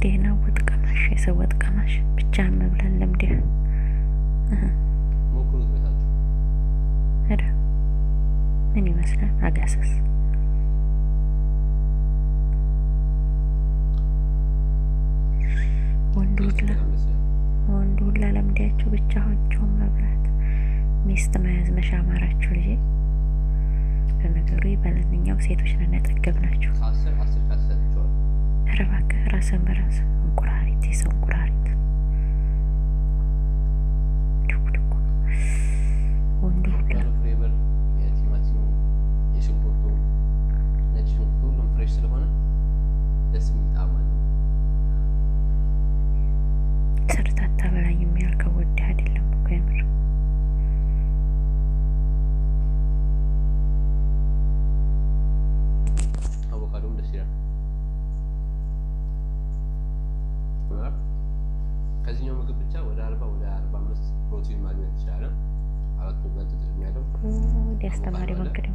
መፍትሄ ነው። ወጥ ቀማሽ፣ የሰው ወጥ ቀማሽ ብቻ መብላን ለምደህ ምን ይመስላል አጋሰስ ወንድ ሁላ ወንድ ሁላ ለምዳችሁ መብላት ሚስት መያዝ መሻ አማራችሁ ልጄ። በነገሩ ይበለን እኛው ሴቶች ነን ያጠገብናችሁ። ኧረ እባክህ ራስን በራስ እንቁራሪት፣ የሰው እንቁራሪት ድኩድኩ ወንዱ ሁላ የቲማቲሙ፣ የሽንኩርቱ፣ ነጭ ሽንኩርቱ ሁሉም ስለሆነ ደስ የሚል ከዚህኛው ምግብ ብቻ ወደ አርባ ወደ አርባ አምስት ፕሮቲን ማግኘት ይችላል። አራት ፕሮግራም ተጠቅሚ ያለው ወደ አስተማሪ መንገድ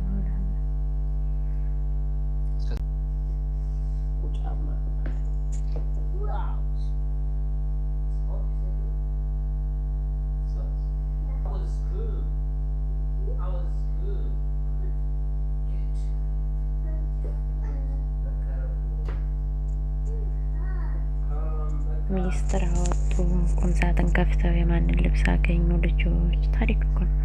ሚስጥር አወጡ። ቁምሳጥን ከፍተው የማንን ልብስ አገኙ? ልጆች ታሪክ እኮ ነው።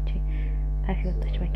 znači, tako da to ćemo i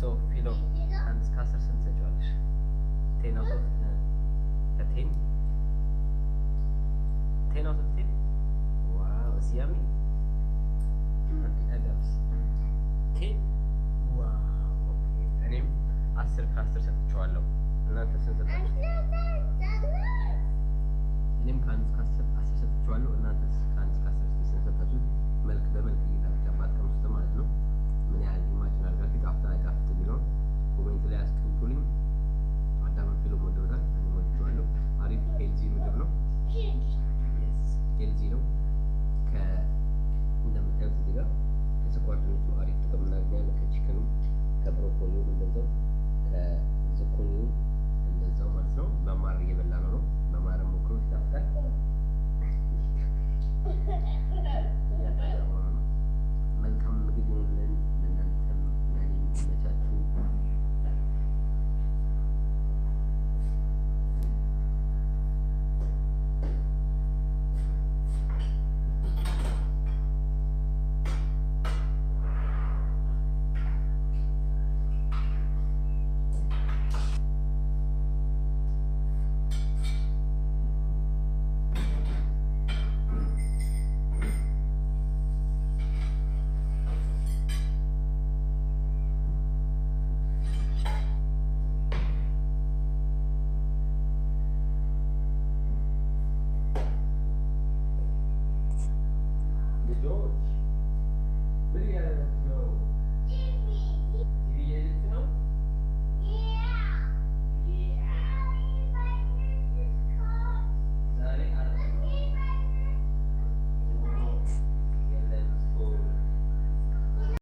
ሶ ፊሎ አንድ እስከ አስር ስንት ሰጫዋለሽ? ቴን አውት ኦፍ ከቴን ቴን አውት ኦፍ ቴን። ዋው ሲያሚ ነገርስ ቴን ዋው። እኔም አስር ከአስር ሰጥቼዋለሁ። እናንተ ስንት እኔም ከአንድ እስከ አስር ሰጥቼዋለሁ። እናንተ ከአንድ እስከ አስር ስንት ሰጣችሁ? መልክ በመልክ George. Obrigado.